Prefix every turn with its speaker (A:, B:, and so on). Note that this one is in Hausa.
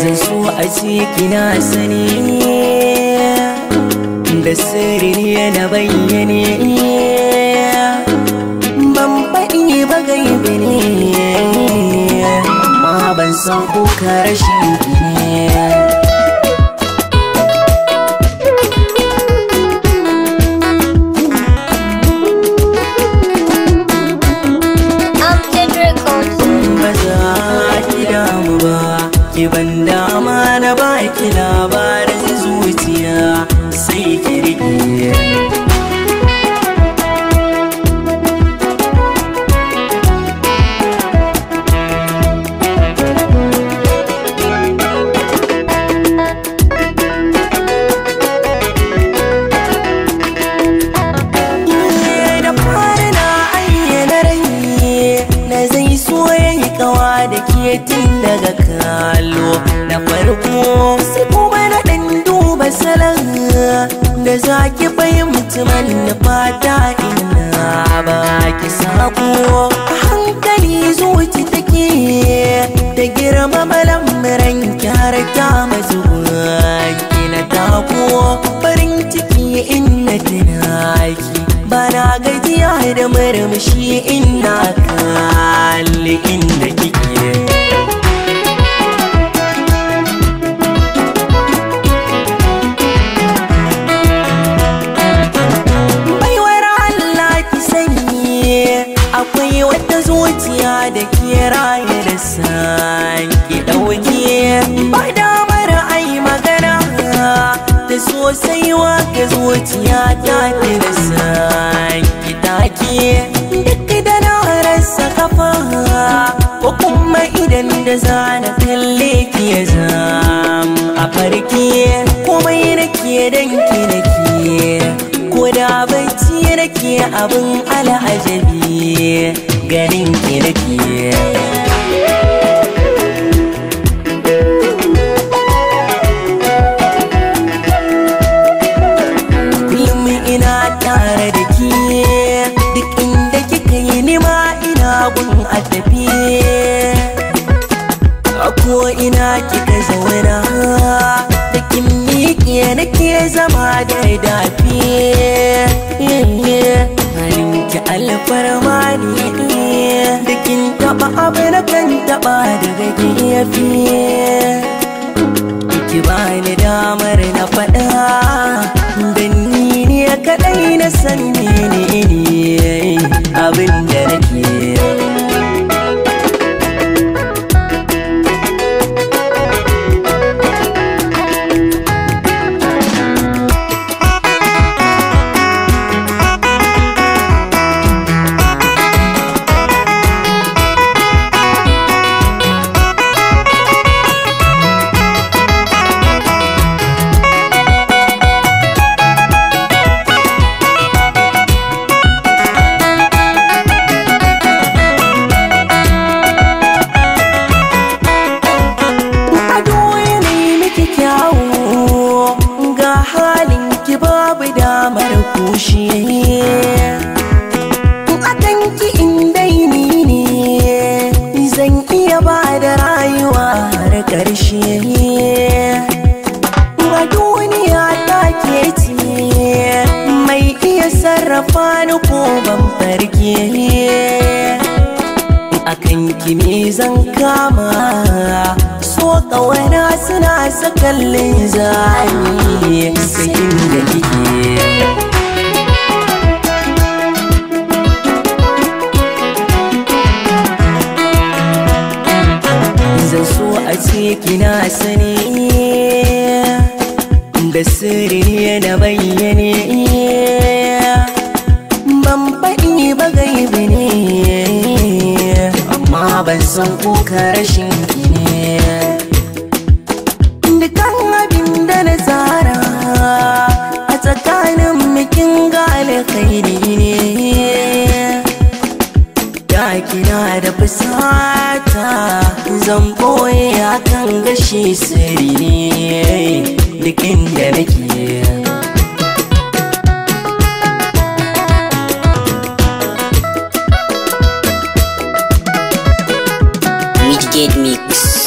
A: zan so a ce kina sani da sirri na bayyane ban faɗi ba gaibe ne ma ban san kuka rashin da za ki fahimci man da fata ina ba ki sako hankali zuci take da girma malamiran kyara ta mazuwa na tako farin ciki inna tunaki bana gajiya da murmushi inna kalli san ki ɗauke ba damar ai magana da sosai wa ga zuciya ta da san ki take duk da na rasa kafa ko kuma idan da zana kalle ki ya zam a farki komai nake danki nake ko da bacci nake abin al'ajabi ganin ki nake tare da ke duk inda kika yi nima ina gun addafi a ko ina kika zauna da kin na ke zama da dafi halinki alfarma ne da kin taɓa abu na kan taɓa daga gefe ki bani damar na faɗa sani ne duk inda ni ne zan iya ba da rayuwa har ƙarshe ga duniya ta ke ce mai iya sarrafa ni ko ban farke akan kimi zan kama so ƙawana suna sakan linzami sakin da kike na sani da sirri na bayyane ban faɗi ba gaibi ne amma ban san kuka rashin ki ne kan abin da na tsara a tsakanin mikin ga ne. ki na da fusata zan boye akan gashi sirri duk inda nake Mid Mix